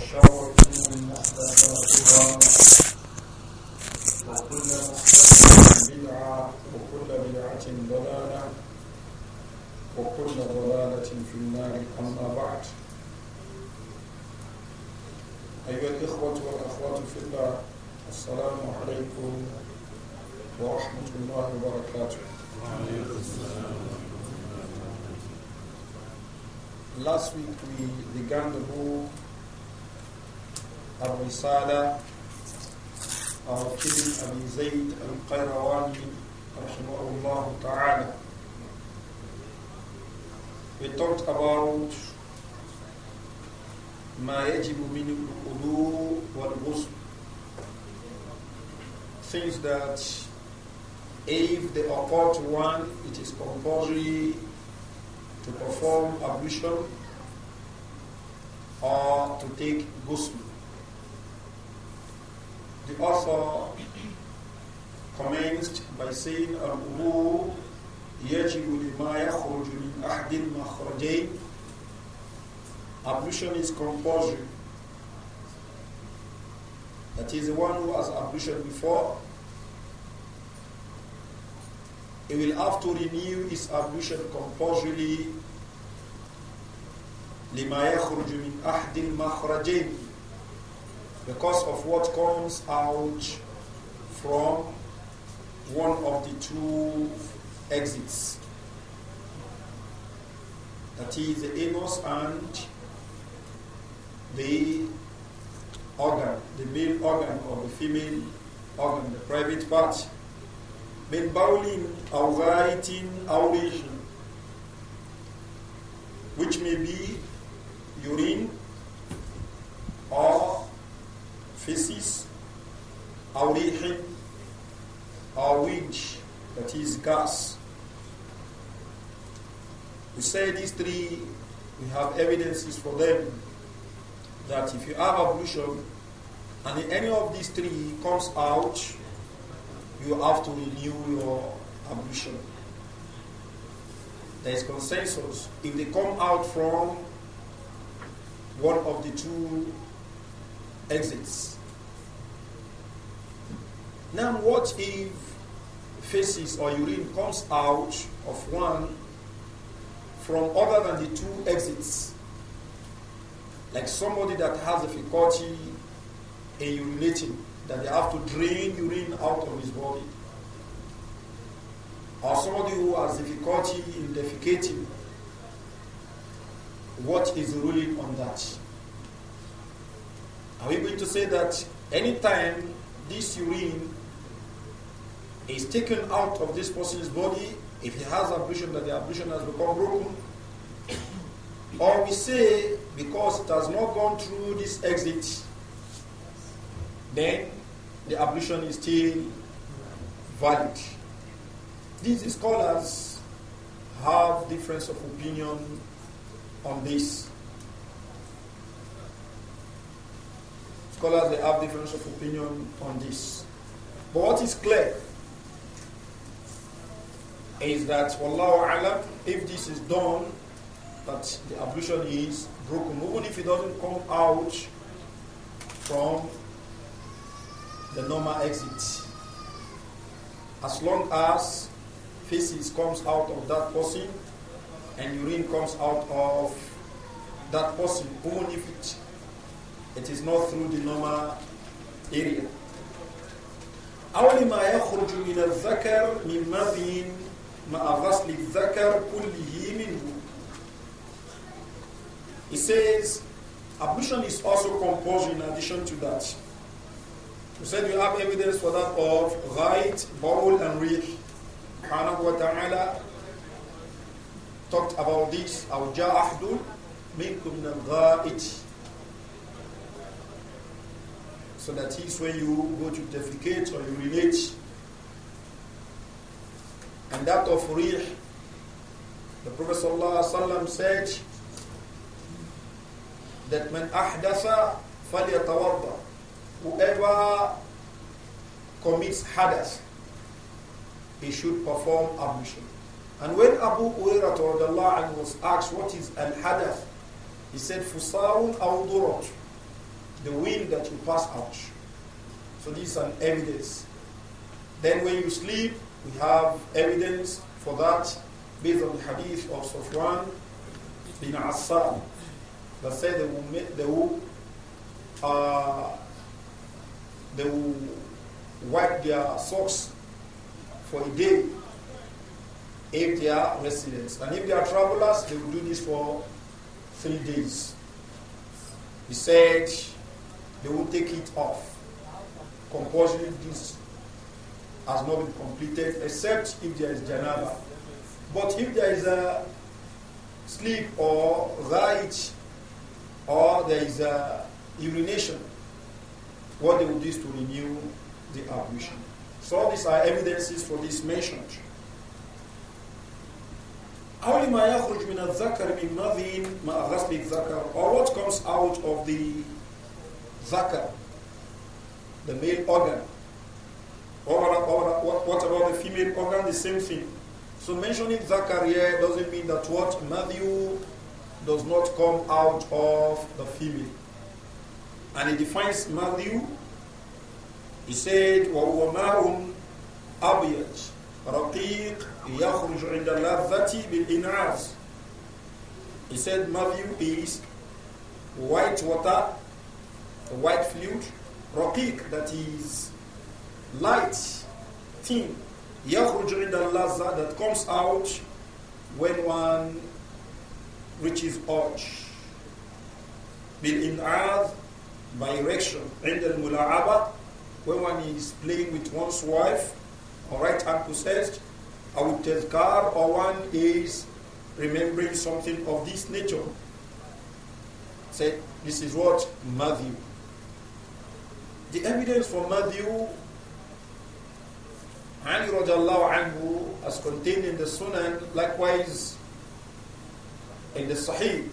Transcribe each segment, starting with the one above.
وشر الأمور محدثاتها وكل محدثة بدعة وكل بدعة ضلالة وكل ضلالة في النار أما بعد أيها الإخوة والأخوات في الله السلام عليكم ورحمة الله وبركاته وعليكم أيوة. السلام Last week we began the book الرسالة كلم أبي زيد القيرواني رحمه الله تعالى We talked about ما يجب من الوضوء والغسل things that if they occur to one it is compulsory to perform ablution or to take ghusl the author commenced by saying, Al-Ubu يجب لما يخرج من أحد المخرجين Ablution is compulsory. That is the one who has ablution before, he will have to renew his ablution compulsorily لما يخرج من أحد المخرجين because of what comes out from one of the two exits. That is the anus and the organ, the male organ or the female organ, the private part. من بول أو غائط أو which may be urine feces, or rih, or wind, that is gas. We say these three, we have evidences for them that if you have ablution and any of these three comes out, you have to renew your ablution. There is consensus. If they come out from one of the two exits. Now, what if feces or urine comes out of one from other than the two exits? Like somebody that has difficulty in urinating, that they have to drain urine out of his body. Or somebody who has difficulty in defecating. What is the ruling on that? Are we going to say that anytime this urine is taken out of this person's body, if he has ablution, that the ablution has become broken? Or we say because it has not gone through this exit, then the ablution is still valid. These scholars have difference of opinion on this. Scholars they have difference of opinion on this. But what is clear is that Wallahu Alam, if this is done, that the ablution is broken, even if it doesn't come out from the normal exit. As long as feces comes out of that person and urine comes out of that person, even if it it is not through the normal area. أول ما يخرج من الذكر من مذي مع غسل الذكر كله منه. He says, ablution is also composed in addition to that. He said you have evidence for that of right, bowl, and reach. Subhanahu wa ta'ala talked about this. أو جاء أحد منكم من الغائط so that is when you go to defecate or urinate, And that of rih, the Prophet ﷺ said that man ahdatha falyatawadda. Whoever commits hadas, he should perform ablution. And when Abu Urairah was asked what is al-hadath, he said, فُصَارٌ أَوْ the wind that you pass out. So this is an evidence. Then when you sleep, we have evidence for that based on the hadith of Sufwan bin Assan that said they will, they will, uh, they will wipe their socks for a day if they are residents. And if they are travelers, they will do this for three days. He said, they will take it off. Compulsory this has not been completed except if there is janaba. But if there is a sleep or right or there is a urination, what they will do is to renew the ablution. So these are evidences for this mentioned. من من or what comes out of the zakar, the male organ. What about the female organ? The same thing. So mentioning zakar here doesn't mean that what Matthew does not come out of the female. And it defines Matthew. He said, وَهُوَ مَاءٌ أَبْيَجٌ رقيق يخرج عند اللذة بالإنعاز He said Matthew is white water white flute, raqiq, that is light, thin, يخرج عند اللذة, that comes out when one reaches urge. in by erection, عند الملاعبة, when one is playing with one's wife, or right hand possessed, or with car, or one is remembering something of this nature. Say, this is what? Matthew the evidence from Matthew Ali radiallahu anhu as contained in the Sunan, likewise in the Sahih,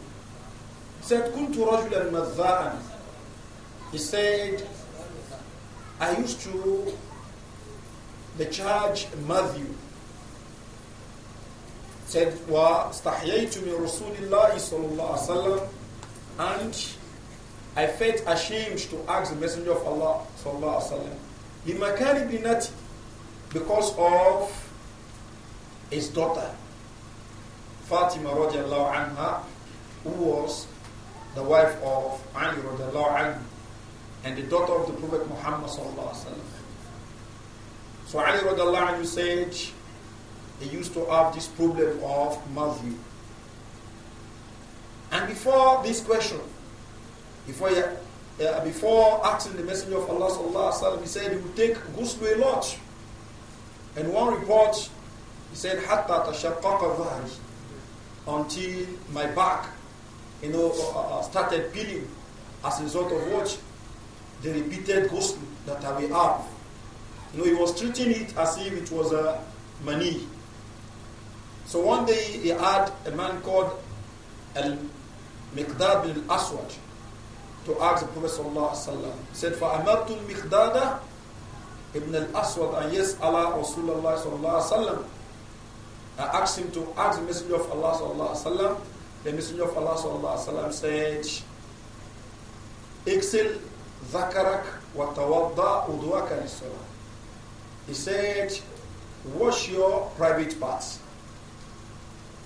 said, كنت رجلا مذاء. He said, I used to the charge Matthew. Said, wa من رسول الله صلى الله عليه وسلم and I felt ashamed to ask the Messenger of Allah sallallahu alaihi wasallam, binati, because of his daughter, Fatima radiallahu anha, who was the wife of Ali radiallahu anhu, and the daughter of the Prophet Muhammad sallallahu alaihi wasallam. So Ali radiallahu anhu said, he used to have this problem of Matthew. And before this question, before, uh, before asking the Messenger of Allah, sallallahu alaihi wasallam, he said he would take ghusl a lot. And one report, he said, حَتَّى تَشَقَّقَ ظَهْرِي Until my back, you know, uh, uh, uh, started peeling as a result of what? The repeated ghusl that I will have. You know, he was treating it as if it was a money. So one day he had a man called Al Miqdad bin Aswad to ask the Prophet sallallahu said, فَأَمَرْتُ الْمِخْدَادَ ibn al-Aswad, and yes, Allah Rasulullah sallallahu I asked him to ask the Messenger of Allah sallallahu The Messenger of Allah sallallahu said, اِكْسِلْ ذَكَرَكْ وَتَوَضَّ أُدْوَكَ لِلصَّلَاةِ He said, wash your private parts.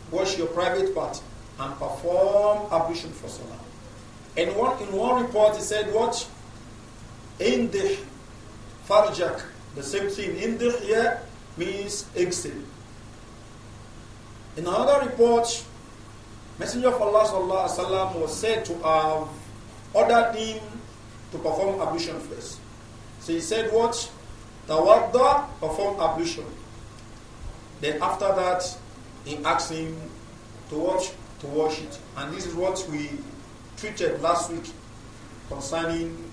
Wash your private part and perform ablution for salah. And one, in one report, he said, What? Indih farjak. The same thing. Indih here means exit. In another report, Messenger of Allah sallallahu alaihi was said to have ordered him to perform ablution first. So he said, "What? Tawadda, perform ablution." Then after that, he asked him to watch to wash it, and this is what we treated last week concerning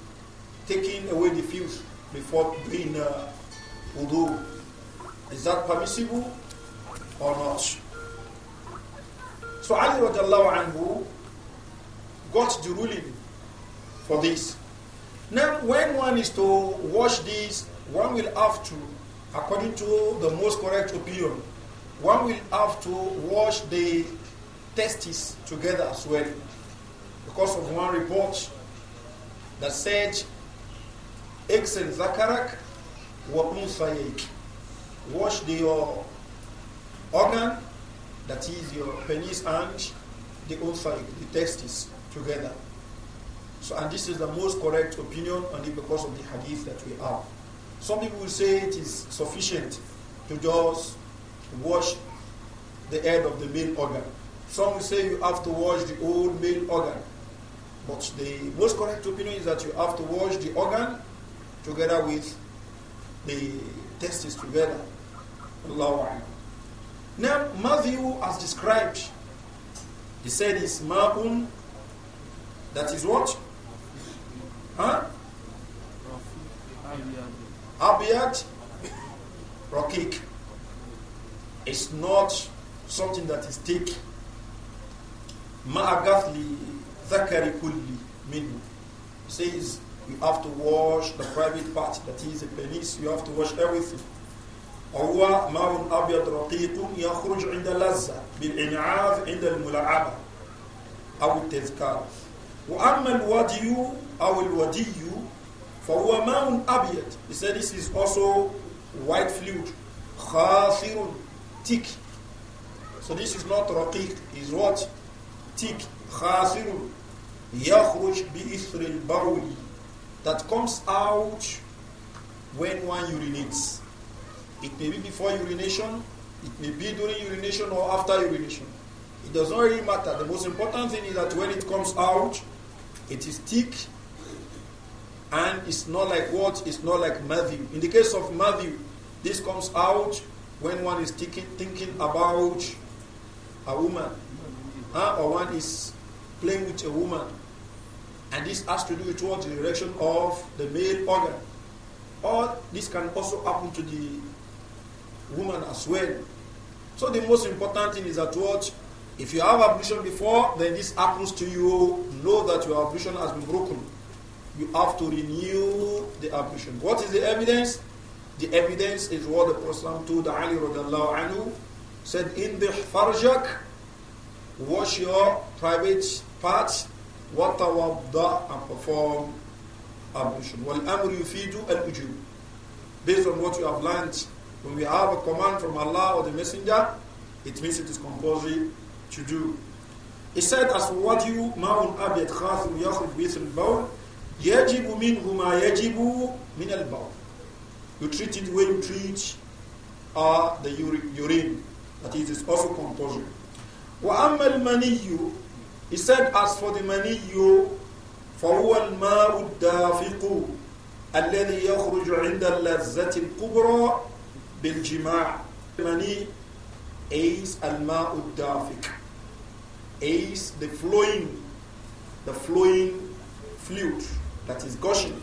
taking away the fuse before doing uh, wudu. Is that permissible or not? So Ali radiallahu anhu got the ruling for this. Now, when one is to wash this, one will have to, according to the most correct opinion, one will have to wash the testes together as well because of one report that said, Iksin Zakarak wa Wash the, your organ, that is your penis and the also the testis together. So, and this is the most correct opinion only because of the hadith that we have. Some people will say it is sufficient to just wash the head of the male organ. Some will say you have to wash the old male organ. But the most correct opinion is that you have to wash the organ together with the testes together. Allah Now, Matthew has described, he said it's ma'un, that is what? Huh? Abiyat Rakik. It's not something that is thick. Ma'agathli ذَكَرِ كُلِّ مِنْ says you have to wash the private part, that is the penis, you have to wash everything. وهو ماء أبيض رقيق يخرج عند اللذة بالانعاف عند الملاعبة أو التذكار وأما الودي أو الودي فهو ماء أبيض he said this is also white fluid خاثر تيك. so this is not رقيق is what تيك خاثر يخرج بإثر البول that comes out when one urinates. It may be before urination, it may be during urination or after urination. It does not really matter. The most important thing is that when it comes out, it is thick and it's not like what? It's not like Matthew. In the case of Matthew, this comes out when one is thinking, thinking about a woman huh? or one is playing with a woman and this has to do with what? The erection of the male organ. Or this can also happen to the woman as well. So the most important thing is that what? If you have ablution before, then this happens to you. Know that your ablution has been broken. You have to renew the ablution. What is the evidence? The evidence is what the Prophet told Ali radiallahu anhu, said, In the farjak, wash your private parts وَتَوَضَّعْ and perform ablution. وَالْأَمْرُ يُفِيدُ الْأُجُوبُ Based on what you have learned, when we have a command from Allah or the Messenger, it means it is compulsory to do. He said, as for what you, مَاءٌ أَبْيَدْ خَاثٌ يَخْرُجْ بِثُ الْبَوْلِ يَجِبُ مِنْهُ مَا يَجِبُ مِنَ الْبَوْلِ You treat it the way you treat uh, the urine. That is, it's also compulsory. وَأَمَّا الْمَنِيُّ he said, As for the maniyu, فهو الماء الدافق الذي يخرج عند اللذة الكبرى بالجماع. Mani is الماء الدافق. Is the flowing, the flowing fluid that is gushing.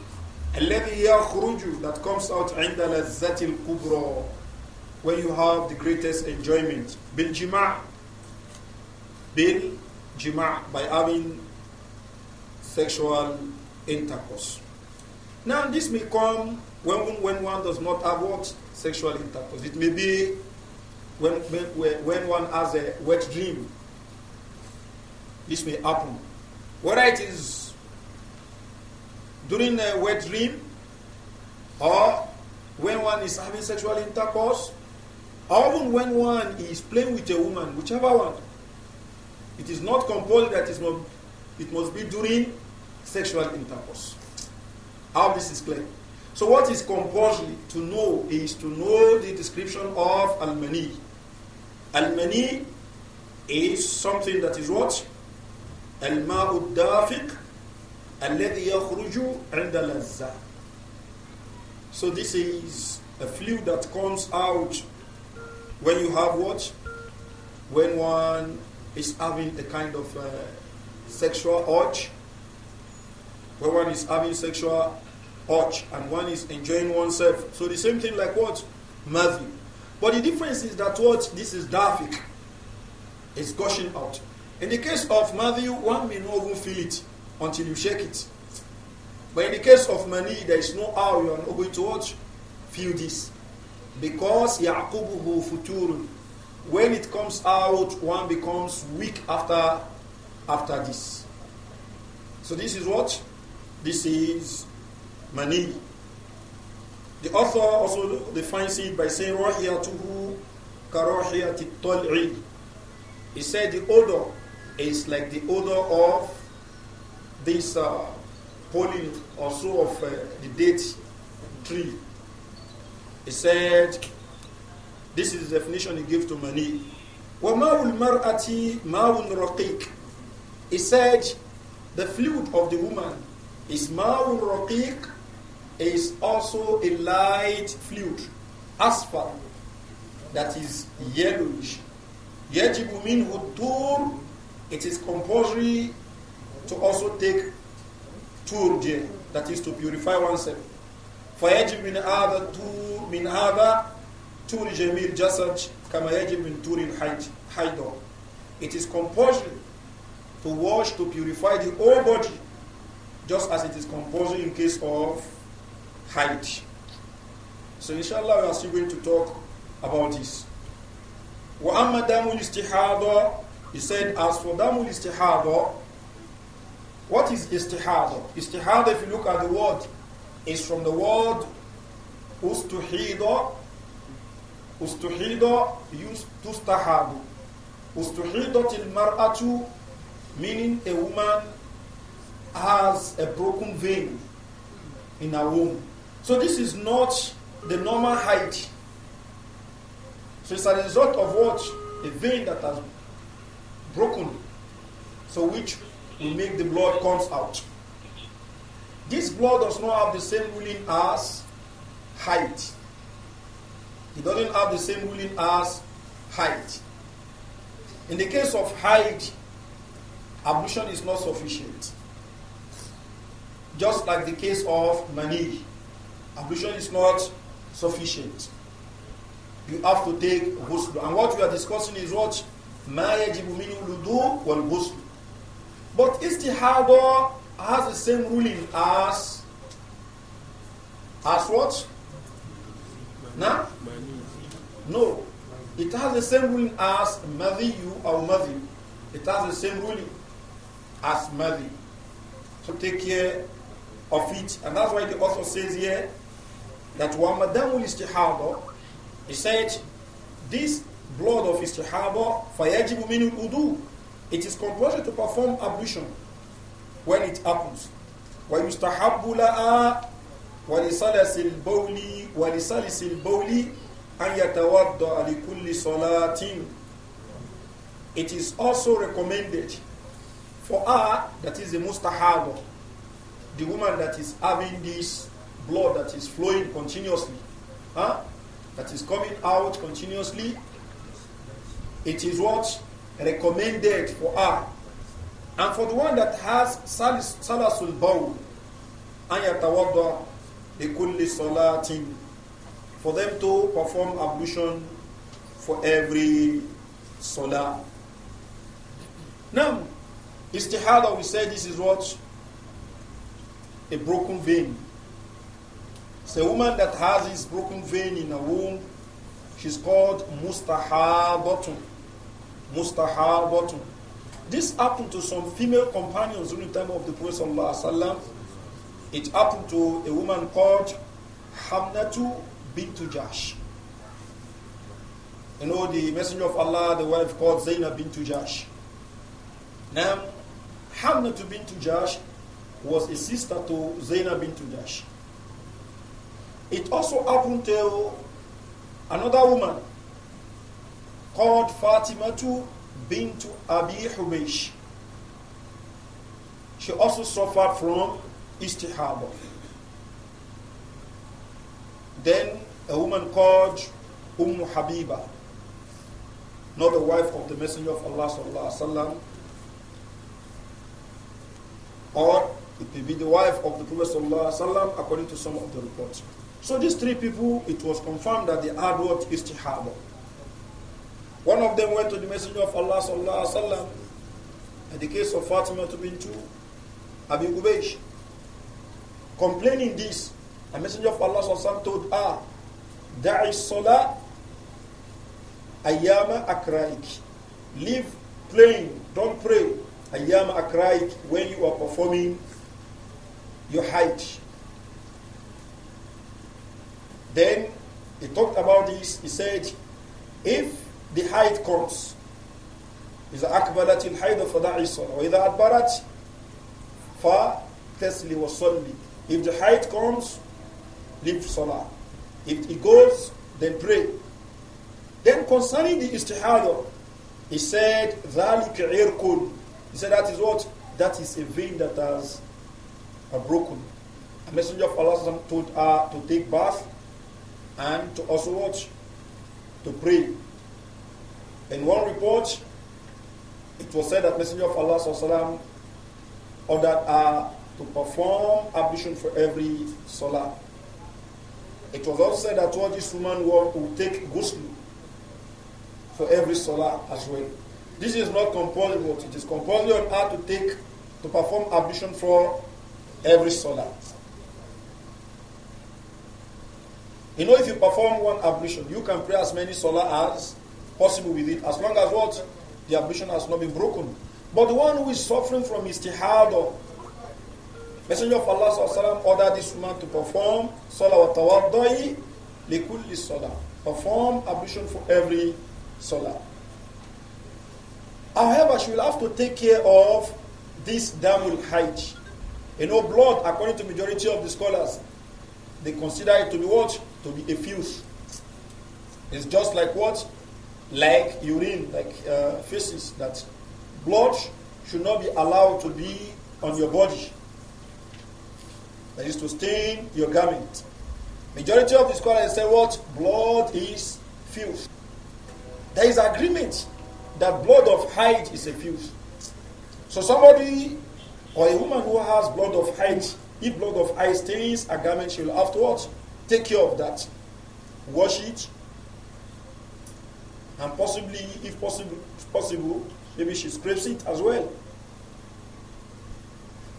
الذي يخرج that comes out عند لذة الكبرى when you have the greatest enjoyment بالجماع بالجماع jima' by having sexual intercourse. Now, this may come when, when one does not have what? Sexual intercourse. It may be when, when, when one has a wet dream. This may happen. Whether it is during a wet dream or when one is having sexual intercourse or even when one is playing with a woman, whichever one. It is not compulsory that it must, it must be during sexual intercourse. How this is clear. So what is compulsory to know is to know the description of al Almani al is something that is what? Al-ma'u dafiq الذي يخرج عند So this is a fluid that comes out when you have what? When one is having a kind of uh, sexual urge, where one is having sexual urge and one is enjoying oneself. So the same thing like what? Matthew. But the difference is that what? This is Dafik. It's gushing out. In the case of Matthew, one may not even feel it until you shake it. But in the case of Mani, there is no how you are not going to watch, feel this. Because يَعْقُبُهُ فُتُورٌ when it comes out, one becomes weak after, after this. So this is what? This is mani. The author also defines it by saying rahiyatuhu karahiyati tal'i. He said the odor is like the odor of this uh, pollen also of uh, the date tree. He said this is the definition he gave to Mani. وَمَاءُ الْمَرْأَةِ مَاءٌ رَقِيقٌ He said, the fluid of the woman is maun رَقِيقٌ is also a light fluid, asphalt, that is yellowish. يَجِبُ مِنْهُ الدُّورُ It is compulsory to also take turj, that is to purify oneself. فَيَجِبُ مِنْ هَذَا الدُّورُ مِنْ هَذَا تور جميع الجسد كما يجب من تور الحيض It is compulsory to wash, to purify the whole body, just as it is compulsory in case of hide. So inshallah we are still going to talk about this. وَأَمَّا دَمُ الْإِسْتِحَاضَ He said, as for دَمُ الْإِسْتِحَاضَ What is istihada? Istihada, if you look at the word, is from the word ustuhida, Ustuhida tustahabu. Ustuhidatil mar'atu, meaning a woman has a broken vein in her womb. So this is not the normal height. So it's a result of what? A vein that has broken. So which will make the blood comes out. This blood does not have the same ruling as height. It doesn't have the same ruling as height. In the case of height, ablution is not sufficient. Just like the case of mani, ablution is not sufficient. You have to take ghusl. And what we are discussing is what? Ma yajibu minu ludu wal ghusl. But istihada has the same ruling as as what? Now, no. It has the same ruling as Madhiyu or Madhi. It has the same ruling as Madhi. So take care of it. And that's why the author says here that Wamadamul istihaba. He said, this blood of istihaba, fayajibu minu udu. It is compulsory to perform ablution when it happens. وَيُسْتَحَبُّ لَهَا ولسلس البول أن يتوضأ لكل صلاة It is also recommended for her, that is the mustahab, the woman that is having this blood that is flowing continuously, huh? that is coming out continuously, it is what recommended for her. And for the one that has salasul bawl, bikulli salatin for them to perform ablution for every salah. Now, istihada, we say this is what? A broken vein. It's a woman that has this broken vein in her womb. She's called mustahabatun. Mustahabatun. This happened to some female companions during the time of the Prophet it happened to a woman called Hamnatu bint Jash. You know, the Messenger of Allah, the wife called Zainab bint Jash. Now, Hamnatu bint Jash was a sister to Zainab bint Jash. It also happened to another woman called Fatimatu bint Abi Hubaysh. She also suffered from istihaba. Then a woman called Umm Habiba, not the wife of the Messenger of Allah sallallahu alaihi wasallam, or it may be the wife of the Prophet sallallahu alaihi wasallam, according to some of the reports. So these three people, it was confirmed that they had what istihaba. One of them went to the Messenger of Allah sallallahu alaihi wasallam. In the case of Fatima to bintu Abi Gubaysh complaining this, a messenger of Allah told her, Da'i salah ayama akraik. Leave playing, don't pray. Ayama akraik when you are performing your hajj. Then he talked about this. He said, if the hide comes, إذا أقبلت الحيض فدعي الصلاة Fa أدبرت was وصلي if the height comes, leave salah. If it goes, then pray. Then concerning the istihada, he said, ذَلِكَ He said, that is what? That is a vein that has a broken. A messenger of Allah told her to take bath and to also watch, to pray. In one report, it was said that messenger of Allah ordered her to perform ablution for every salah. It was also said that all this woman will take ghusl for every salah as well. This is not compulsory, but it is compulsory on her to take to perform ablution for every salah. You know, if you perform one ablution, you can pray as many salah as possible with it, as long as what the ablution has not been broken. But the one who is suffering from istihad or Messenger of Allah sallam, ordered this woman to perform salah wa tawaddai likulli salah. Perform ablution for every salah. However, she will have to take care of this damul hajj. You know, blood, according to majority of the scholars, they consider it to be what? To be effused. It's just like what? Like urine, like uh, feces, that blood should not be allowed to be on your body that is to stain your garment. Majority of the scholars say what? Blood is filth. There is agreement that blood of hide is a filth. So somebody or a woman who has blood of hide, if blood of hide stains a garment, she will afterwards take care of that. Wash it. And possibly, if possible, if possible, maybe she scrapes it as well.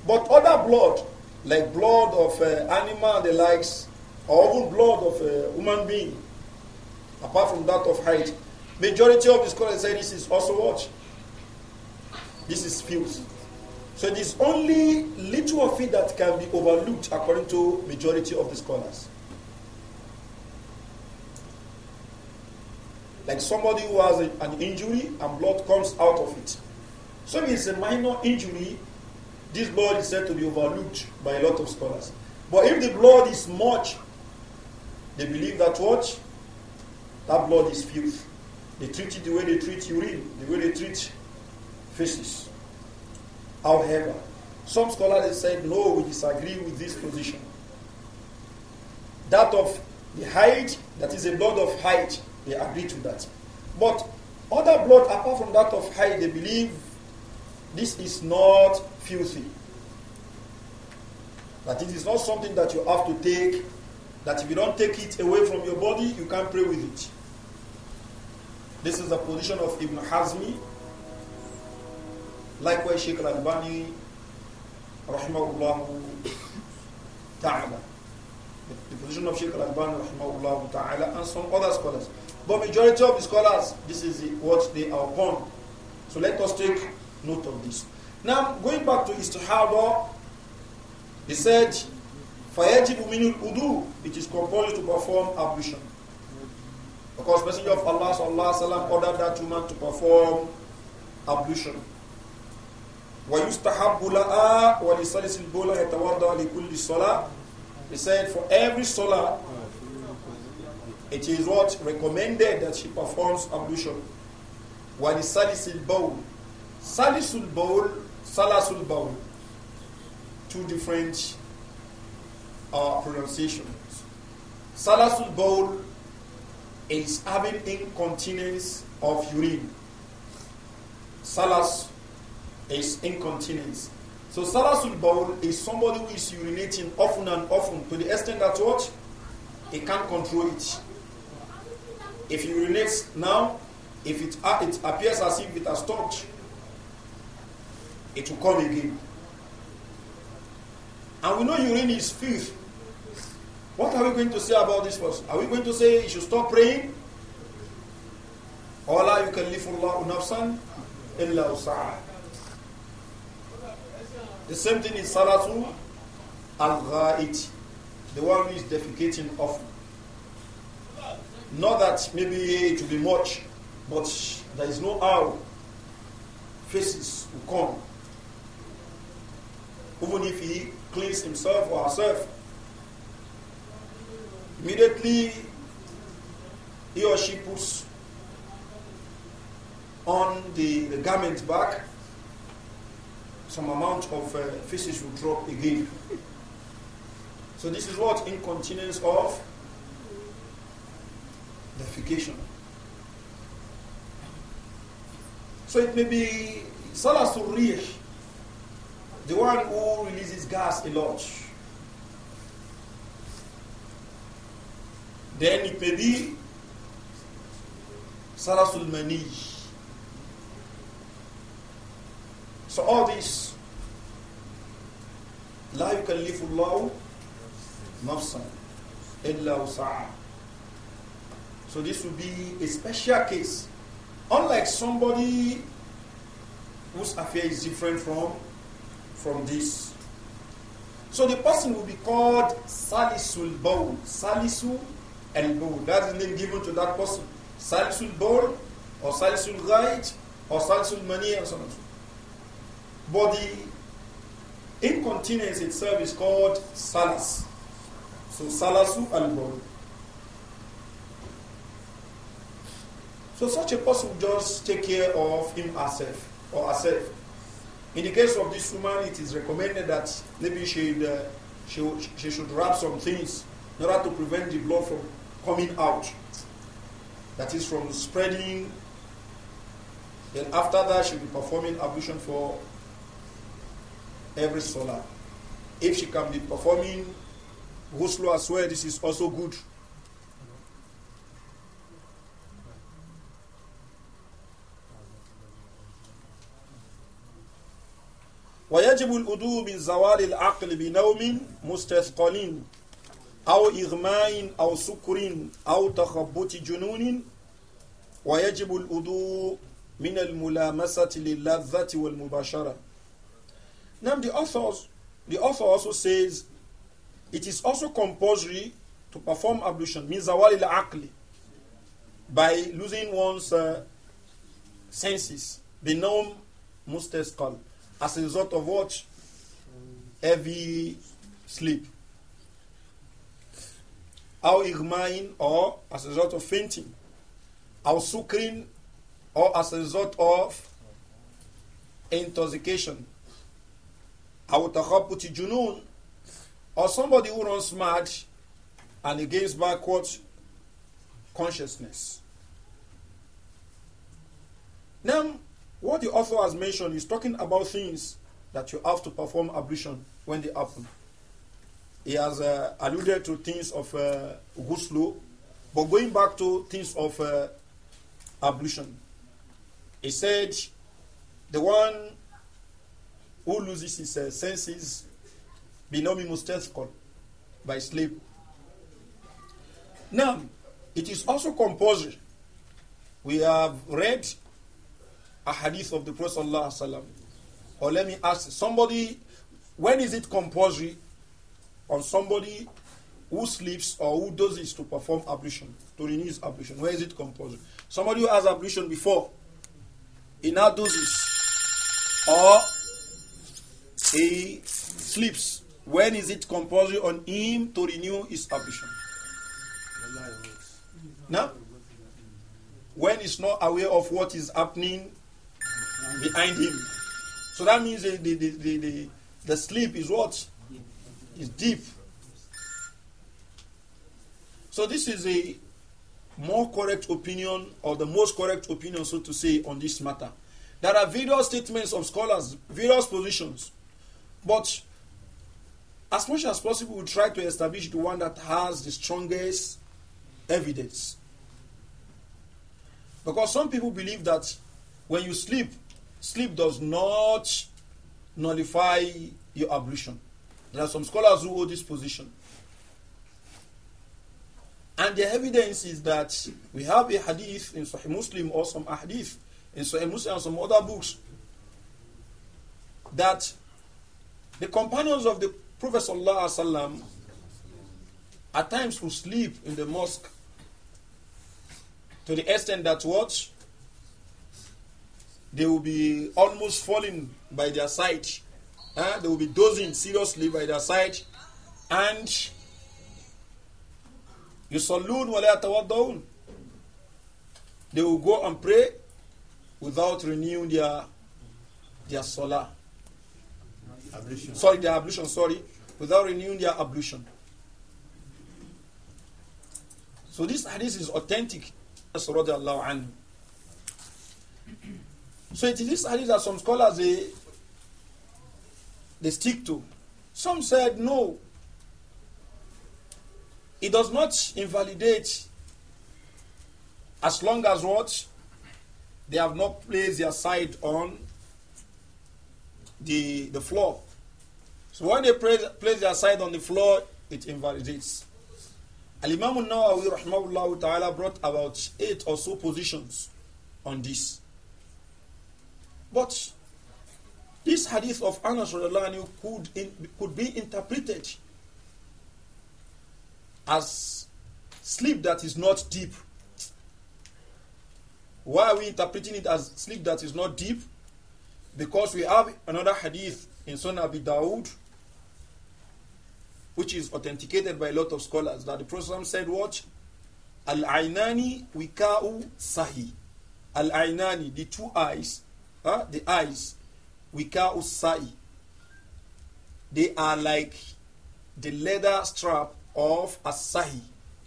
But other blood like blood of uh, animal the likes, or even blood of a uh, human being, apart from that of height. Majority of the scholars say this is also what? This is filth. So it is only little of it that can be overlooked according to majority of the scholars. Like somebody who has a, an injury and blood comes out of it. So if it's a minor injury, this blood is said to be overlooked by a lot of scholars. But if the blood is much, they believe that what? That blood is filth. They treat it the way they treat urine, the way they treat feces. However, some scholars have said, no, we disagree with this position. That of the height, that is a blood of height, they agree to that. But other blood, apart from that of height, they believe this is not filthy. That it is not something that you have to take, that if you don't take it away from your body, you can't pray with it. This is the position of Ibn Hazmi. Likewise, Sheikh Al-Albani, rahimahullah ta'ala. The position of Sheikh Al-Albani, rahimahullah ta'ala, and some other scholars. But majority of the scholars, this is what they are upon. So let us take note of this. Now, going back to Istihaba, he said, فَيَجِبُ مِنُ الْأُدُو It is compulsory to perform ablution. Because Messenger of Allah sallallahu alaihi wasallam ordered that woman to perform ablution. وَيُسْتَحَبُّ لَهَا وَلِسَلِسِ الْبُولَ يَتَوَضَّى لِكُلِّ صَلَاةٍ He said, for every salah, it is what recommended that she performs ablution. وَلِسَلِسِ الْبَوْلِ Salisul Bowl, Salasul Bowl. Two different uh, pronunciations. Salasul Bowl is having incontinence of urine. Salas is incontinence. So Salasul Bowl is somebody who is urinating often and often to the extent that what? He can't control it. If he urinates now, if it, it appears as if it has stopped, it will come again. And we know urine is filth. What are we going to say about this person? Are we going to say he should stop praying? Allah, you can live for Allah nafsan illa usa'a. The same thing is salatu al-gha'it. The one who is defecating often. Not that maybe it will be much, but there is no how. Faces will come even if he cleans himself or herself. Immediately, he or she puts on the, the garment back, some amount of uh, feces will drop again. So this is what incontinence of defecation. So it may be salasul the one who releases gas a lot, then it may be Sarasul Mani. So all this, لا يكلف الله نفسا إلا وسعها. So this will be a special case. Unlike somebody whose affair is different from from this. So the person will be called Salisul Bowl. Salisul and Bowl. That is the name given to that person. Salisul Bowl or Salisul Ghaij or Salisul Mani or something. But the incontinence itself is called Salas. So Salasu al So such a person will just take care of him herself or herself. In the case of this woman, it is recommended that maybe she, uh, she, she should wrap some things in order to prevent the blood from coming out. That is from spreading. Then after that, she'll be performing ablution for every solar. If she can be performing ghusl as well, this is also good. ويجب الأدو من زوال العقل بنوم مستثقل أو إغماء أو سكر أو تخبط جنون ويجب الأدو من الملامسة للذة والمباشرة Now the authors, the author also says it is also compulsory to perform ablution, means zawal al by losing one's uh, senses, the mustasqal. as a result of what? Heavy sleep. our igmain or as a result of fainting. our sukrin or as a result of intoxication. our takhaputi junun or somebody who runs mad and he gains backwards consciousness. Now, what the author has mentioned is talking about things that you have to perform ablution when they happen. He has uh, alluded to things of uh, ghusl, but going back to things of uh, ablution, he said the one who loses his uh, senses binomi mustethkol by sleep. Now, it is also compulsory. We have read a hadith of the Prophet sallam, or let me ask somebody, when is it compulsory on somebody who sleeps or who does this to perform ablution, to renew ablution? Where is it compulsory? Somebody who has ablution before, he now does this, or he sleeps. When is it compulsory on him to renew his ablution? Now, when he's not aware of what is happening behind him. So that means the, the, the, the, the sleep is what? Is deep. So this is a more correct opinion, or the most correct opinion, so to say, on this matter. There are various statements of scholars, various positions, but as much as possible, we try to establish the one that has the strongest evidence. Because some people believe that when you sleep, sleep does not nullify your ablution. There are some scholars who hold this position. And the evidence is that we have a hadith in Sahih Muslim or some hadith in Sahih Muslim and some other books that the companions of the Prophet sallam, at times would sleep in the mosque to the extent that what? they will be almost falling by their side. Uh, they will be dozing seriously by their side. And you saloon while They will go and pray without renewing their their salah. Ablution. Sorry, their ablution, sorry. Without renewing their ablution. So this hadith is authentic. So it is this hadith that some scholars they, they stick to. Some said no. It does not invalidate as long as what they have not placed their side on the the floor. So when they place, place their side on the floor, it invalidates. Al Imam Nawawi brought about eight or so positions on this. But this hadith of Anas could, in, could be interpreted as sleep that is not deep. Why are we interpreting it as sleep that is not deep? Because we have another hadith in Sunnah Abi Dawood, which is authenticated by a lot of scholars, that the Prophet said, What? Al Ainani Wika'u Sahi. Al Ainani, the two eyes, huh? the eyes, wika usai. They are like the leather strap of asahi,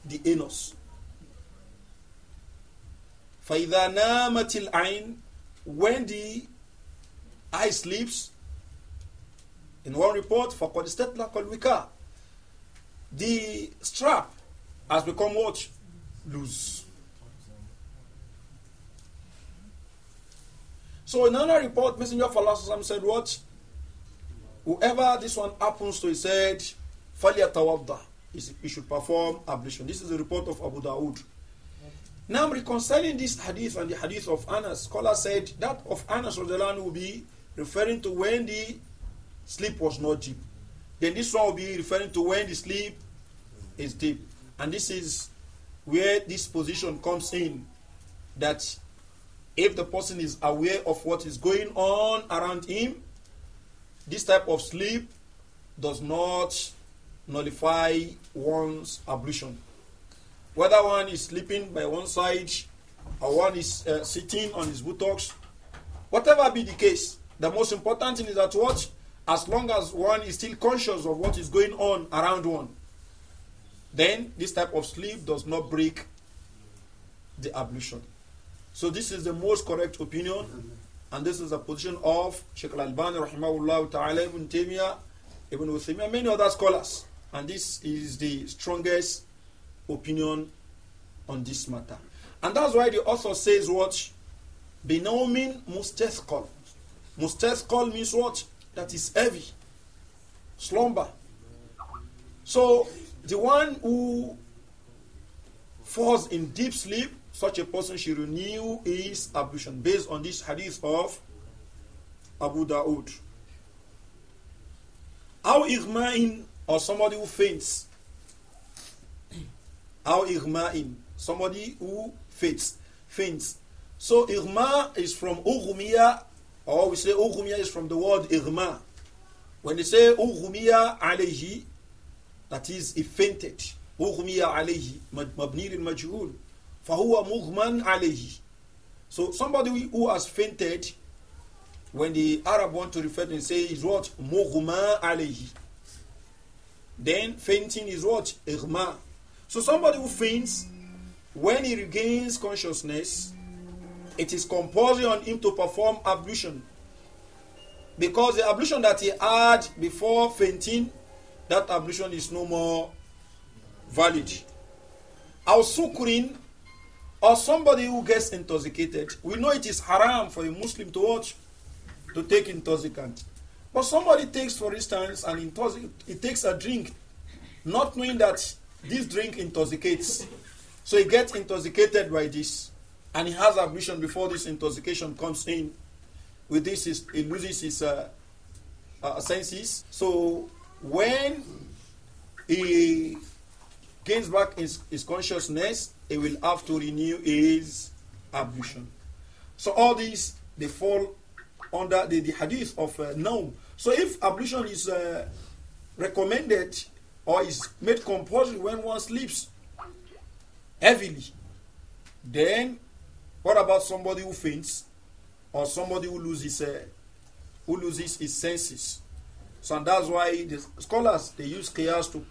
the anus. فَإِذَا نَامَتِ ain, When the eye sleeps, in one report, for اسْتَطْلَقَ kolwika, The strap has become what? Loose. So in another report, Messenger of Allah said, What? Whoever this one happens to, he said, Faliyatawadda. He should perform ablution. This is the report of Abu Dawood. Now, reconciling this hadith and the hadith of Anas, scholar said that of Anas of the land will be referring to when the sleep was not deep. Then this one will be referring to when the sleep is deep. And this is where this position comes in that if the person is aware of what is going on around him, this type of sleep does not nullify one's ablution. Whether one is sleeping by one side or one is uh, sitting on his buttocks, whatever be the case, the most important thing is that what, as long as one is still conscious of what is going on around one, then this type of sleep does not break the ablution. So this is the most correct opinion, and this is the position of Sheikh Al-Albani, rahimahullah ta'ala, Ibn Taymiyyah, Ibn Uthaymeen, many other scholars. And this is the strongest opinion on this matter. And that's why the author says what? Benomin mustethkol. Mustethkol means what? That is heavy. Slumber. So the one who falls in deep sleep such a person should renew his ablution based on this hadith of Abu Daoud. How igma'in or somebody who faints. How igma'in, somebody who faints, faints. So igma is from ughmiya, or we say ughmiya is from the word igma. When they say ughmiya alayhi, that is he fainted. Ughmiya alayhi, mabnir al-majhul. فَهُوَ مُغْمَنْ عَلَيْهِ So somebody who has fainted, when the Arab want to refer to him, say is what? مُغْمَى عَلَيْهِ Then fainting is what? irma. So somebody who faints, when he regains consciousness, it is compulsory on him to perform ablution. Because the ablution that he had before fainting, that ablution is no more valid. Al sukrin or somebody who gets intoxicated, we know it is haram for a Muslim to watch, to take intoxicant. But somebody takes, for instance, an intoxic- he takes a drink, not knowing that this drink intoxicates. So he gets intoxicated by this, and he has ablution before this intoxication comes in. With this, is, he loses his uh, uh, senses. So when he gains back his, his consciousness, he will have to renew his ablution. So all these, they fall under the, the hadith of uh, Naum. So if ablution is uh, recommended or is made compulsory when one sleeps heavily, then what about somebody who faints or somebody who loses uh, who loses his senses? So that's why the scholars they use chaos to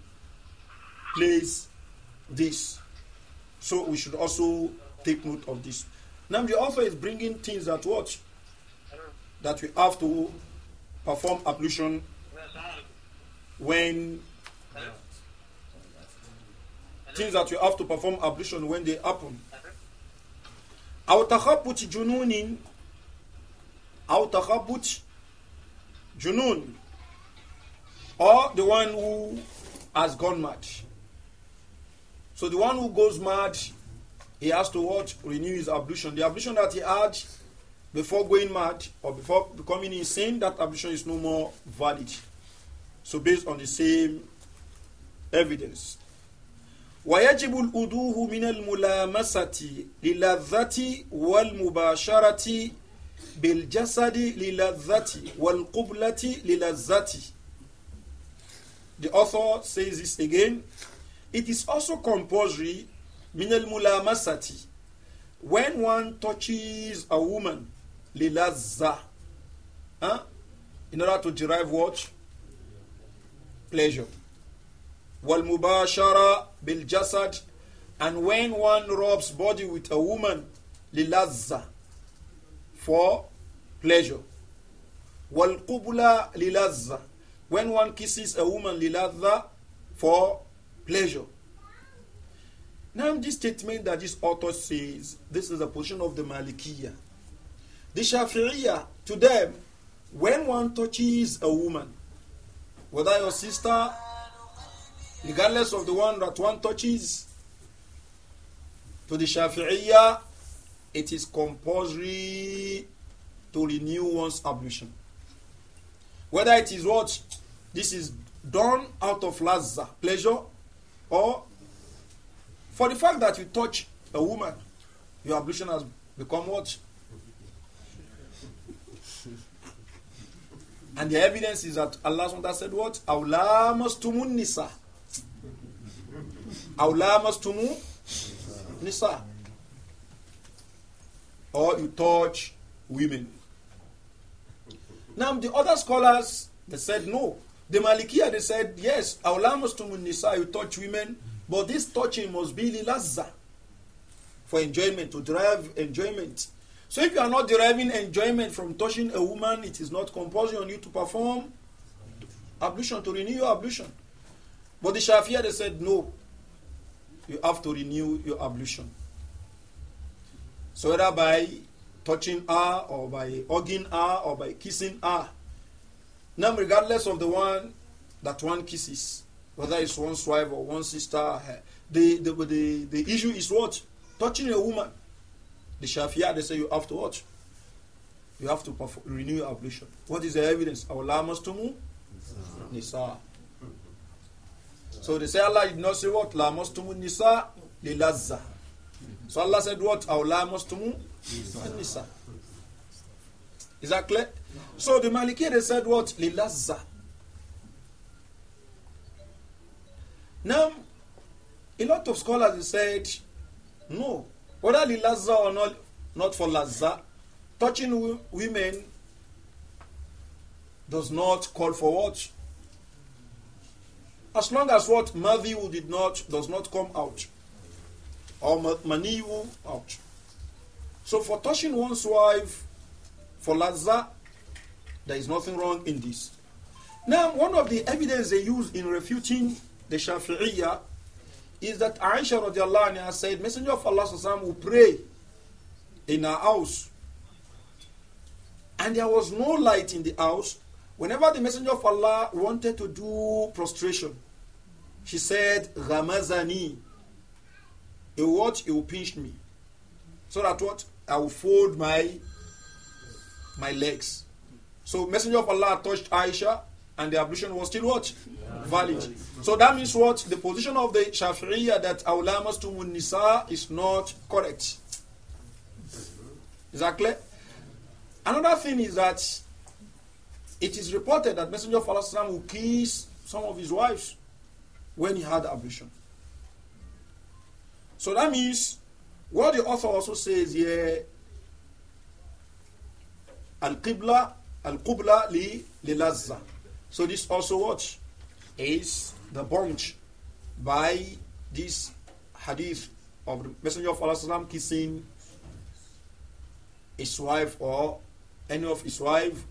plays this. So we should also take note of this. Now the offer is bringing things that what that we have to perform ablution when things that you have to perform ablution when they happen. أو jununin, جنون أو or the one who has gone mad. So the one who goes mad, he has to what? Renew his ablution. The ablution that he had before going mad or before becoming insane, that ablution is no more valid. So based on the same evidence. ويجب الأدوه من الملامسة للذة والمباشرة بالجسد للذة والقبلة للذة The author says this again it is also compulsory minal masati. When one touches a woman, lilazza, huh? in order to derive what? Pleasure. Wal mubashara bil jasad. And when one rubs body with a woman, lilazza, for pleasure. Wal qubla lilazza. When one kisses a woman, lilazza, for pleasure. Now, this statement that this author says, this is a portion of the Malikiya. The Shafi'iyya, to them, when one touches a woman, whether your sister, regardless of the one that one touches, to the Shafi'iyya, it is compulsory to renew one's ablution. Whether it is what this is done out of lazza, pleasure, or for the fact that you touch a woman, your ablution has become what? And the evidence is that Allah said what? Awla tumun nisa. Awla tumun nisa. Or you touch women. Now the other scholars, they said no. The Malikia they said, yes, to nisa, you touch women, but this touching must be lilazza, for enjoyment, to derive enjoyment. So if you are not deriving enjoyment from touching a woman, it is not compulsory on you to perform ablution, to renew your ablution. But the Shafi'ah, they said, no, you have to renew your ablution. So whether by touching her, or by hugging her, or by kissing her, now, regardless of the one that one kisses, whether it's one's wife or one's sister, eh, the, the, the, the issue is what? Touching a woman. The Shafia, they say you have to what? You have to perform, renew your ablution. What is the evidence? Our lamas tumu? Nisa. So they say Allah did not say what? Lamas tumu nisa lilazza. So Allah said what? Our lamas tumu nisa. Is that clear? So the Maliki they said what? Lilazza. Now, a lot of scholars said, no, whether Lilazza or not, not for Lazza, touching women does not call for what? As long as what Matthew did not does not come out, or Maniu out. So for touching one's wife, for Lazza, there is nothing wrong in this. Now, one of the evidence they use in refuting the Shafi'iyah is that Aisha radiallahu anha said, Messenger of Allah sallam, will pray in her house. And there was no light in the house. Whenever the Messenger of Allah wanted to do prostration, she said, Ramazani. A what? He will pinch me. So that what? I will fold my my legs. So Messenger of Allah touched Aisha and the ablution was still what? Yeah. Valid. So that means what? The position of the Shafi'iyya that awlamas to nisa is not correct. Is that clear? Another thing is that it is reported that Messenger of Allah will kiss some of his wives when he had ablution. So that means what the author also says here Al Qibla Al-Qubla li Lazza. So this also what? Is the bunch by this hadith of the Messenger of Allah kissing his wife or any of his wife,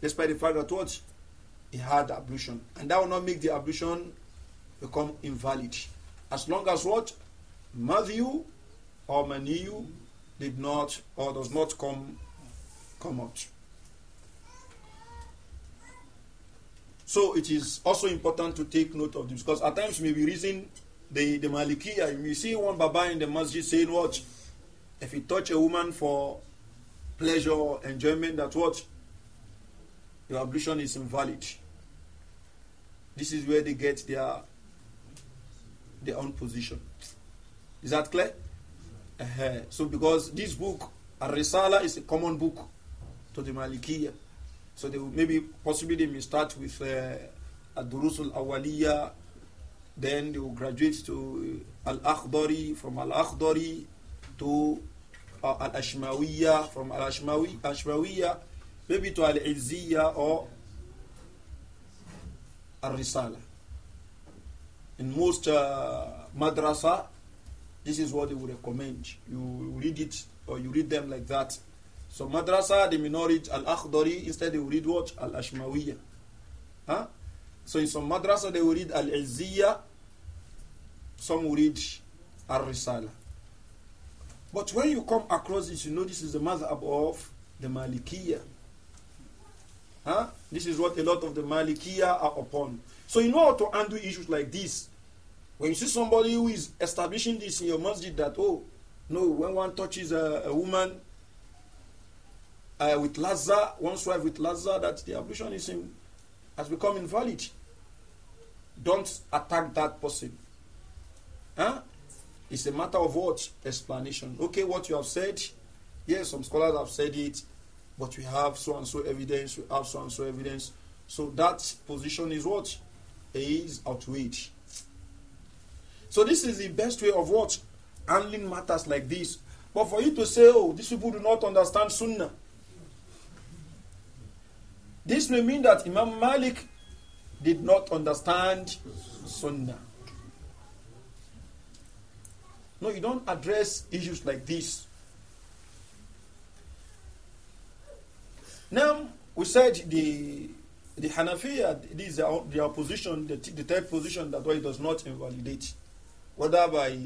despite the fact that what? He had ablution. And that will not make the ablution become invalid. As long as what? Matthew or Maniyu did not or does not come come out. So it is also important to take note of this because at times you may be reading the, the Malikiya. You may see one Baba in the masjid saying, What? If you touch a woman for pleasure or enjoyment, that what? Your ablution is invalid. This is where they get their their own position. Is that clear? Uh -huh. So because this book, Ar-Risala, is a common book to the Malikiya. So they will, maybe possibly they may start with uh, Al durusul Awaliya, then they will graduate to uh, Al-Akhdari, from Al-Akhdari to uh, al Ashmawiya from al Ashmawiya, maybe to Al-Izziyya or Al-Risala. In most uh, madrasa, this is what they would recommend. You read it or you read them like that. So madrasa, they may Al-Akhdari, instead they will read what? Al-Ashmawiyya. Huh? So in some madrasa they will read Al-Izziyya, some will read Al-Risala. But when you come across this, you know this is the madhab of the Malikiyya. Huh? This is what a lot of the Malikiyya are upon. So you know how to handle issues like this. When you see somebody who is establishing this in your masjid that, oh, no, when one touches a, a woman, uh, with Lazar, one's wife with Lazar, that the abolitionism is in, has become invalid. Don't attack that person. Huh? It's a matter of what? Explanation. Okay, what you have said, yes, some scholars have said it, but we have so and so evidence, we have so and so evidence. So that position is what? Is outweighed. So this is the best way of what? Handling matters like this. But for you to say, oh, these people do not understand Sunnah, this may mean that Imam Malik did not understand Sunnah. No, you don't address issues like this. Now, we said the the Hanafiya, this is their, position, the, the third position that why does not invalidate, whether by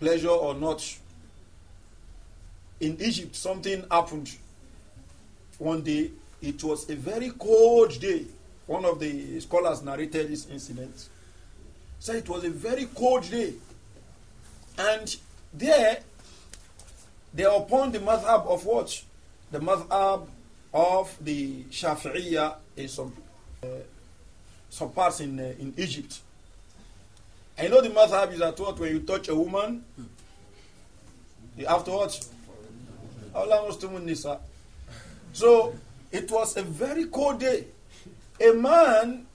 pleasure or not. In Egypt, something happened one day it was a very cold day. One of the scholars narrated this incident. So it was a very cold day. And there, they are upon the madhab of what? The madhab of the Shafi'iyya in some, uh, some parts in, uh, in Egypt. I know the madhab is that what? When you touch a woman, you have to watch. So it was a very cold day. A man,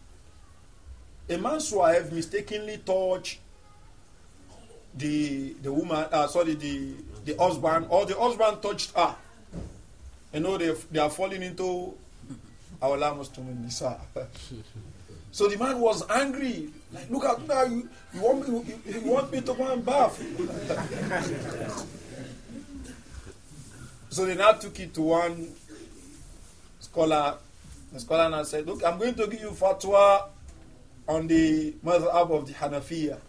a man's wife mistakenly touched the the woman, uh, sorry, the the husband, or the husband touched her. You know, they, they are falling into our Nisa. So the man was angry. Like, look at now, you, you, want me, you, you want me to go and bath. so they now took it to one scholar, the scholar now said, Look, I'm going to give you fatwa on the madhab of the Hanafiya.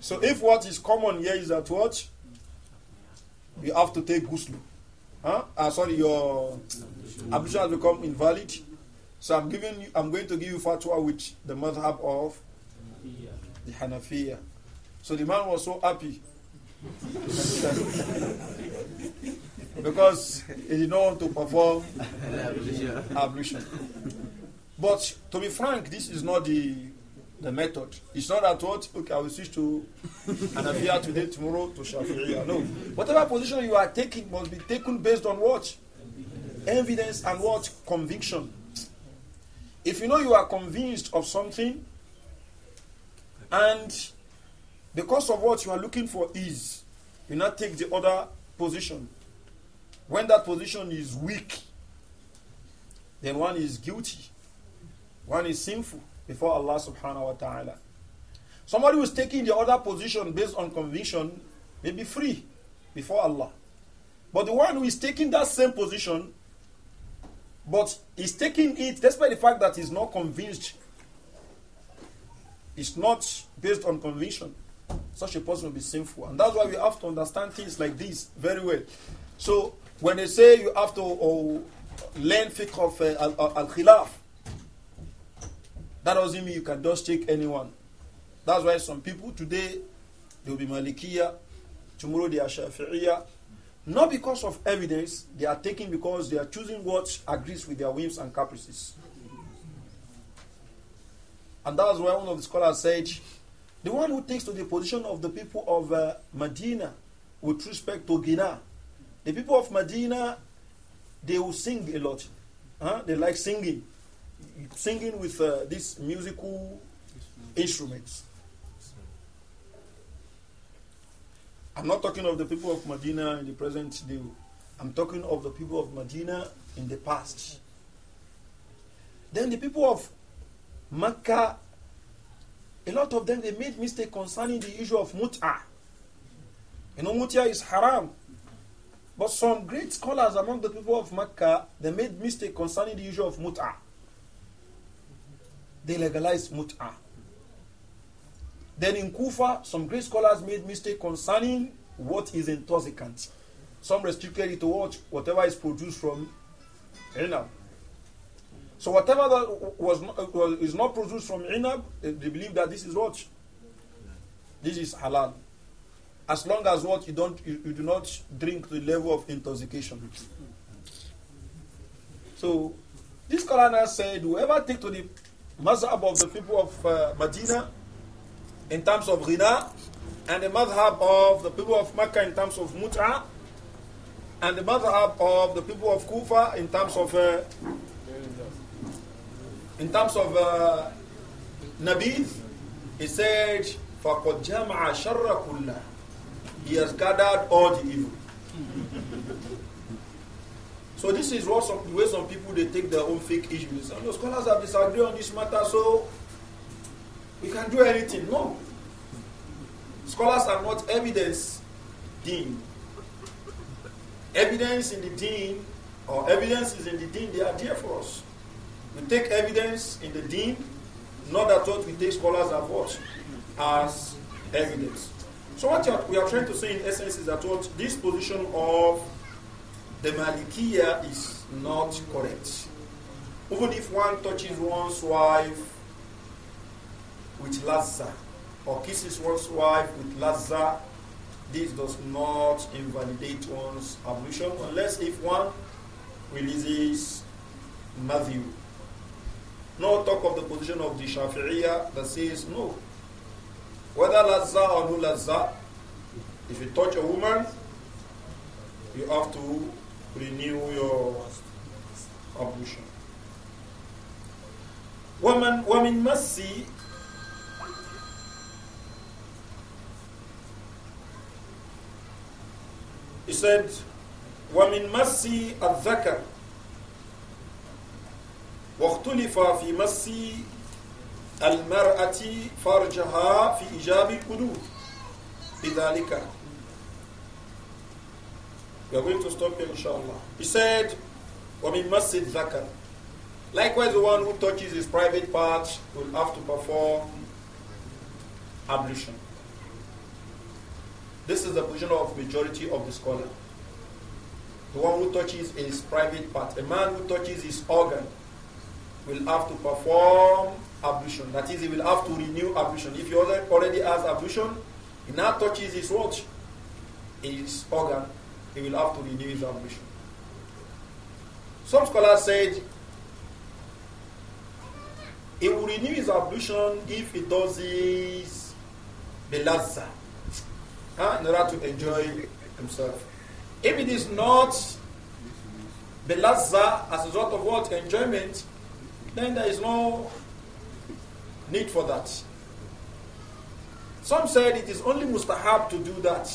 So if what is common here is that what? You have to take ghusl. Huh? Ah, sorry, your ablution has become invalid. So I'm giving you, I'm going to give you fatwa with the madhab of the Hanafiya. So the man was so happy. because he did not want to perform ablution. But to be frank, this is not the the method. It's not that what okay, I will switch to Hanafiya today, tomorrow to Shafi'iyah. No. Whatever position you are taking must be taken based on what? Evidence and what? Conviction. If you know you are convinced of something and because of what you are looking for is, you now take the other position. When that position is weak, then one is guilty, one is sinful before Allah subhanahu wa ta'ala. Somebody who's taking the other position based on conviction may be free before Allah. But the one who is taking that same position, but is taking it despite the fact that he's not convinced, it's not based on conviction, such a person will be sinful. And that's why we have to understand things like this very well. So when they say you have to oh, learn fiqh of uh, al-khilaf, that doesn't mean you can just take anyone. That's why some people today, they'll be Malikiya, tomorrow they are Shafi'iyya. Not because of evidence, they are taking because they are choosing what agrees with their whims and caprices. And that's why one of the scholars said, the one who takes to the position of the people of uh, Medina with respect to Guinea the people of Medina, they will sing a lot. Huh? They like singing, singing with uh, these musical instruments. I'm not talking of the people of Medina in the present day. I'm talking of the people of Medina in the past. Then the people of Mecca, a lot of them they made mistake concerning the issue of mut'ah. You know, mut'ah is haram. But some great scholars among the people of Mecca, they made mistake concerning the issue of mut'ah. They legalized mut'ah. Then in Kufa, some great scholars made mistake concerning what is intoxicant. Some restricted it to what, whatever is produced from inab. So whatever that was, not, was is not produced from inab, they believe that this is what? This is halal. As long as what you don't you, you do not drink to the level of intoxication. So this colonel said, whoever take to the mazhab of the people of uh, Medina in terms of Rina, and the mazhab of the people of Mecca in terms of mut'a, and the mazhab of the people of Kufa in terms of uh, in terms of uh, Nabi, he said, فَقَدْ جَمَعَ شَرَّ كُلَّهُ he has gathered all the evil. so this is what some, the way some people they take their own fake issues. And the scholars have disagreed on this matter, so we can do anything. No. Scholars are not evidence deen. Evidence in the dean, or evidence is in the dean. they are there for us. We take evidence in the dean, not that what we take scholars have what as evidence. So what we are trying to say in essence is that what this position of the Malikiya is not correct. Even if one touches one's wife with Laza, or kisses one's wife with Laza, this does not invalidate one's ablution unless if one releases Matthew. No talk of the position of the Shafi'iyah that says no, whether lazza or no lazza, if you touch a woman, you have to renew your ablution. Woman, woman must see He said, وَمِنْ مَسِّ الذَّكَرِ وَاخْتُلِفَ فِي مَسِّ المرأة فرجها في إيجاب القدور بذلك We are going to stop here inshallah. He said, وَمِن مَسِّ الذَّكَرِ Likewise, the one who touches his private part will have to perform ablution. This is the position of majority of the scholar. The one who touches his private part, a man who touches his organ, will have to perform ablution. That is, he will have to renew ablution. If he already has ablution, he now touches his watch, his organ, he will have to renew his ablution. Some scholars said he will renew his ablution if he does his belaza, huh, in order to enjoy himself. If it is not belaza as a result of what enjoyment, then there is no need for that. Some said it is only mustahab to do that.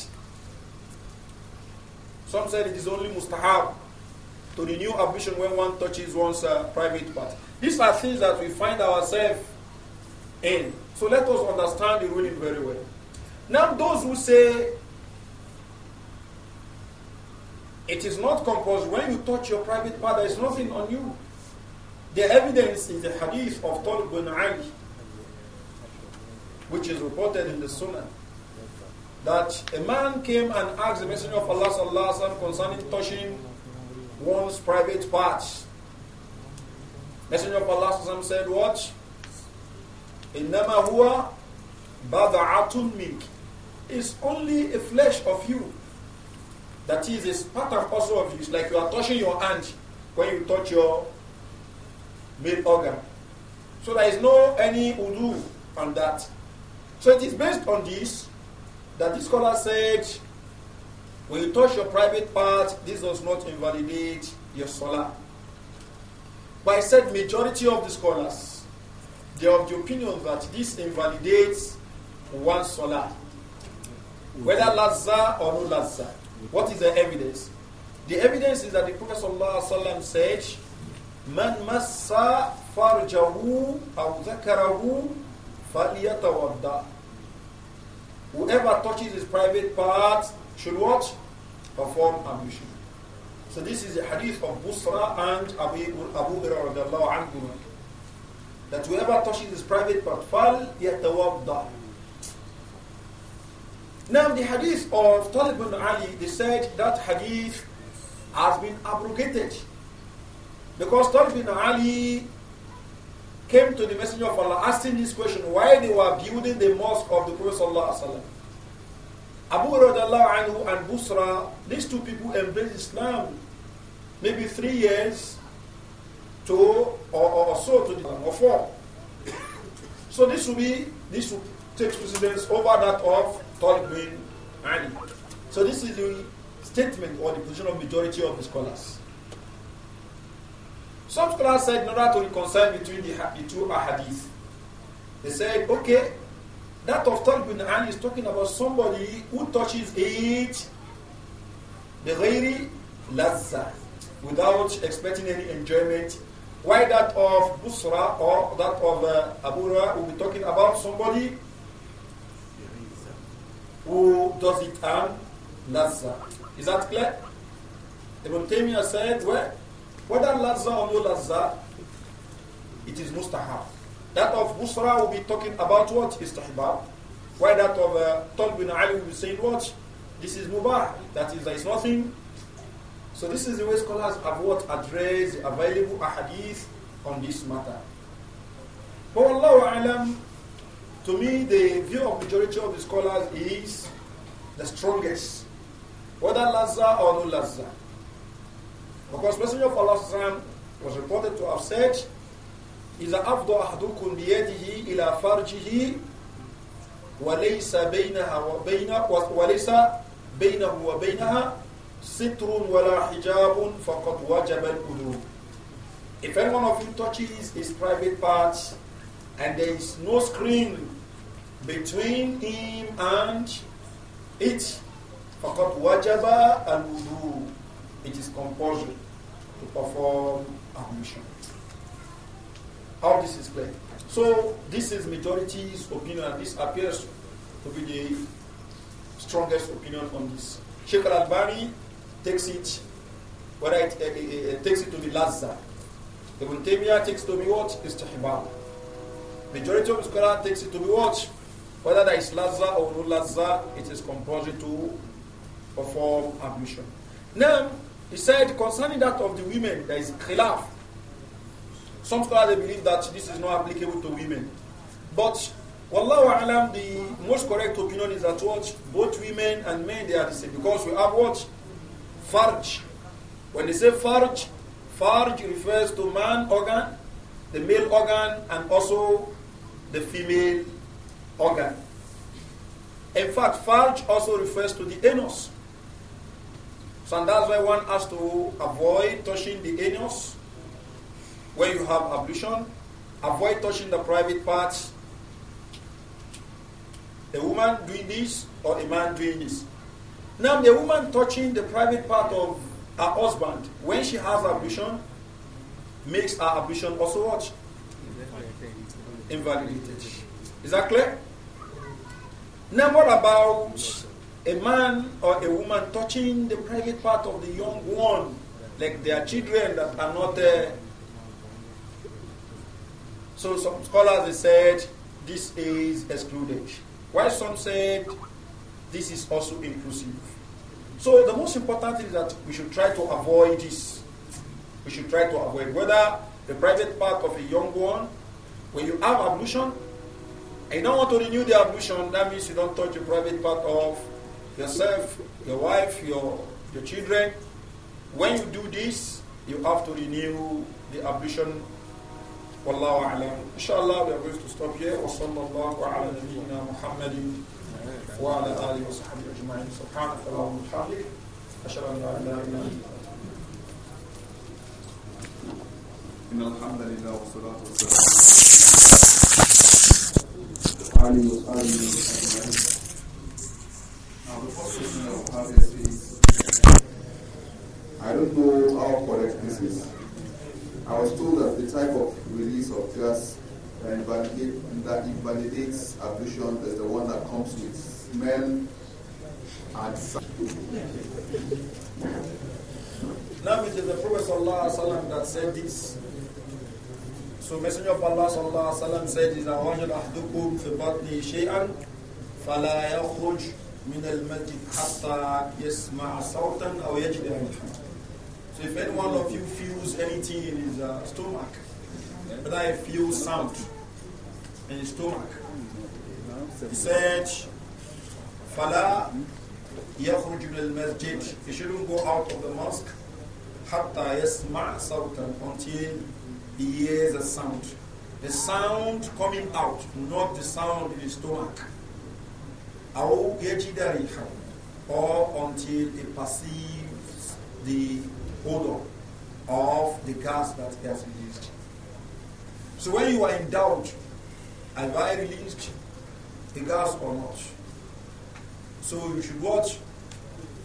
Some said it is only mustahab to renew ablution when one touches one's uh, private part. These are things that we find ourselves in. So let us understand the ruling very well. Now, those who say it is not compulsory, when you touch your private part, there is nothing on you. The evidence is the hadith of Talib bin Ali which is reported in the Sunnah, that a man came and asked the Messenger of Allah sallallahu alaihi wasallam concerning touching one's private parts. Messenger of Allah sallallahu alaihi said, "What? Innama huwa bada'atun mink. It's only a flesh of you. That is, it's part of also of you. It's like you are touching your hand when you touch your male organ. So there is no any udu on that. So it is based on this that the scholar said, when you touch your private part, this does not invalidate your salah. But I said majority of the scholars, they are of the opinion that this invalidates one salah, Whether Lazza or no Lazza. What is the evidence? The evidence is that the Prophet ﷺ said, Man massa farjahu aw zakarahu faliyatawadda. Whoever touches his private parts should what? Perform ablution. So this is a hadith of Busra and Abu Abu Hurairah that whoever touches his private part, fal yatawadda. Now the hadith of Talib bin Ali, they said that hadith has been abrogated because Talib bin Ali came to the Messenger of Allah asking this question why they were building the mosque of the Prophet. Abu Radallahu anhu and Busra, these two people embraced Islam maybe three years to or, or so to the or four. So this will be this will take precedence over that of Talib bin Ali. So this is the statement or the position of majority of the scholars. Some scholars said in order to reconcile between the, the two ahadith, they said, okay, that of Talib bin Ali is talking about somebody who touches it بغير لذة without expecting any enjoyment. Why that of Busra or that of uh, Abura will be talking about somebody who does it and lazza. Is that clear? Ibn Taymiyyah said, well, whether lazza or no lazza, it is mustahab. That of Busra will be talking about what? Istihbab. Why that of uh, bin Ali will be saying what? This is mubah. That is, there is nothing. So this is the way scholars have what addressed available ahadith on this matter. But Allah alam, to me, the view of majority of the scholars is the strongest. Whether lazza or no lazza. Because Messenger of Allah was reported to have said, إذا أفضى أحدكم بيده إلى فرجه وليس بينها وبين وليس بينه وبينها ستر ولا حجاب فقد وجب الأذو. If anyone of you touches his private parts, and there is no screen between him and it, فقد وجب الأذو. It is compulsory to perform ablution. All this is clear. So this is majority's opinion, and this appears to be the strongest opinion on this. Sheikh Bari takes it, whether it, uh, uh, uh, takes it to the Lazza. Ibn Taymiyyah takes it to be what? Istihbab. Majority of scholars takes it to be what? Whether that is Lazza or no Lazza, it is compulsory to perform ablution. Now, he said concerning that of the women, there is khilaf. Some scholars believe that this is not applicable to women. But Wallahu alam, the most correct opinion is that what both women and men they are the same because we have what farj. When they say farj, farj refers to man organ, the male organ, and also the female organ. In fact, farj also refers to the anus. So and that's why one has to avoid touching the anus when you have ablution. Avoid touching the private parts. A woman doing this or a man doing this. Now the woman touching the private part of her husband when she has ablution makes her ablution also what? Invalidated. Is that clear? Now what about a man or a woman touching the private part of the young one, like their children that are not there. Uh, so some scholars they said this is excluded, while some said this is also inclusive. So the most important thing is that we should try to avoid this. We should try to avoid whether the private part of a young one, when you have ablution, and you don't want to renew the ablution, that means you don't touch the private part of yourself, your wife, your, your children. When you do this, you have to renew the ablution. Wallahu a'lam. Inshallah, we are going to stop here. Wa sallallahu ala nabiyyina Muhammadin wa ala alihi wa sahbihi ajma'in. Subhanaka Allahumma wa bihamdik. Ashhadu an la ilaha illa anta إن الحمد لله والصلاة والسلام على آله وصحبه I don't know how correct this is. I was told that the type of release of gas that, invalidates ablution is the one that comes with smell and Now it is the Prophet ﷺ that said this. So Messenger of Allah sallallahu alaihi wasallam said, "Is ahdukum fi batni shay'an, fala yakhruj من المسجد حتى يسمع صوتا أو يجد ريحا So if any one of you feels anything in his uh, stomach, but I feel sound in his stomach, he said, فلا يخرج من المسجد He shouldn't go out of the mosque حتى يسمع صوتا until he hears a sound. The sound coming out, not the sound in his stomach. أو يجد ريحه or until it perceives the odor of the gas that he has released. So when you are in doubt, have I released the gas or not? So you should watch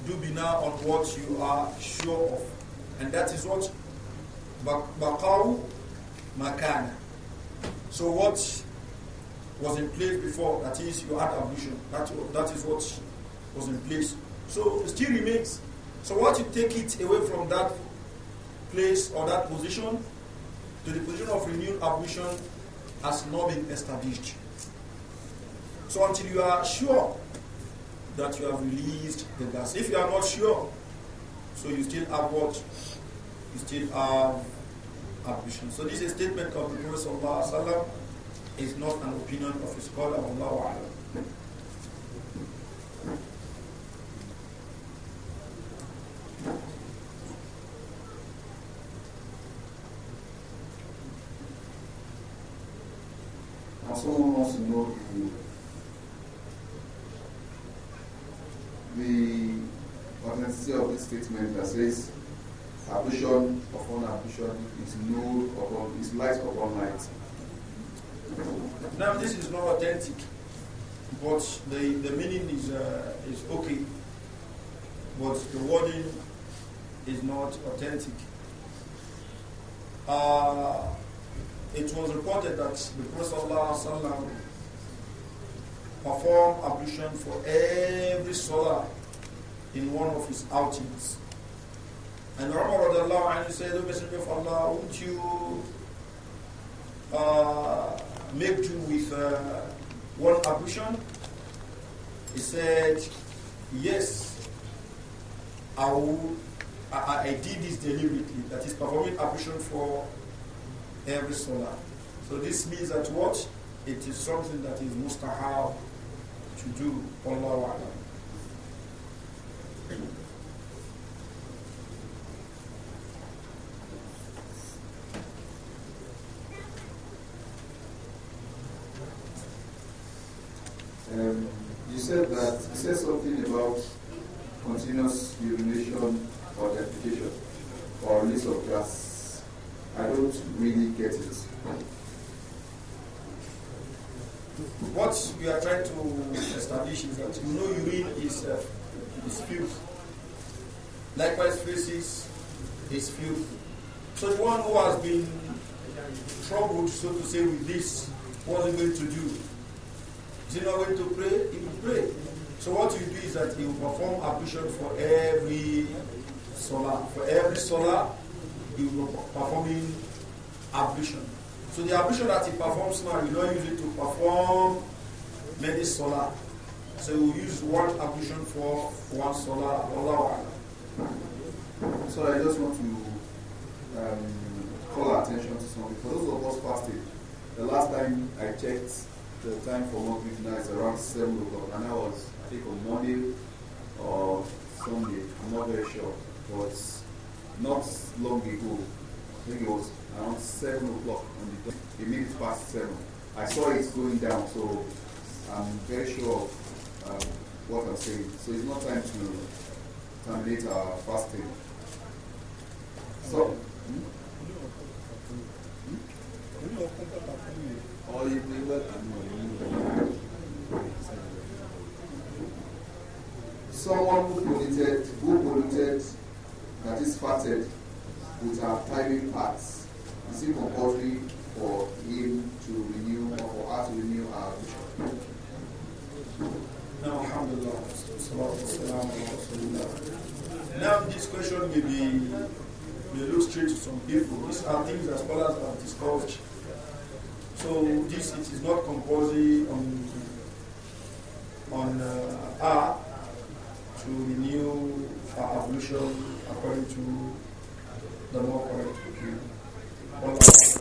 Dubina on what you are sure of. And that is what Bakaru Makana. So what was in place before. That is, you had ablution. That, that is what was in place. So it still remains. So once you take it away from that place or that position to the position of renewed ablution has not been established. So until you are sure that you have released the gas, if you are not sure, so you still have what? You still have ablution. So this is a statement of the Prophet Sallallahu Alaihi Wasallam is not an opinion of a scholar of law. someone wants to know the authenticity of this statement that says is, uh, is okay, but the wording is not authentic. Uh, it was reported that the Prophet performed ablution for every salah in one of his outings. And Umar said, O Messenger of Allah, won't you uh, make do with uh, one ablution? He said, Yes, I, will, I, I did this deliberately, that is performing ablution for every solar. So this means that what? It is something that is have to do, on Alam. Um, said that, you said something about continuous urination or defecation or release of gas. I don't really get it. What we are trying to establish is that you know urine is, uh, is filth. Likewise, feces is filth. So the one who has been troubled, so to say, with this, what is he going to do? Do it not going to pray? He will pray. So what you do is that he will perform ablution for every solar. For every solar, he will be performing ablution. So the ablution that he performs now, you don't use it to perform many solar. So you use one ablution for one solar, Allah one. So I just want to um, call attention to something. For those of us fasting, the last time I checked the time for morning now is around 7 o'clock, and I was, I think, on Monday or Sunday, I'm not very sure, but not long ago, I think it was around 7 o'clock on the dot, past 7. I saw it going down, so I'm very sure of um, what I'm saying. So it's not time to terminate our fasting. So, hmm? Hmm? All in favor? Someone who polluted, who polluted, that is fatted would have timing parts, is it compulsory for him to renew or for us to renew our vision? Now, alhamdulillah, now this question may be may look strange to some people. These are things that scholars have discovered so this it is not composing on on uh, R to renew new evolution according to the law correct view.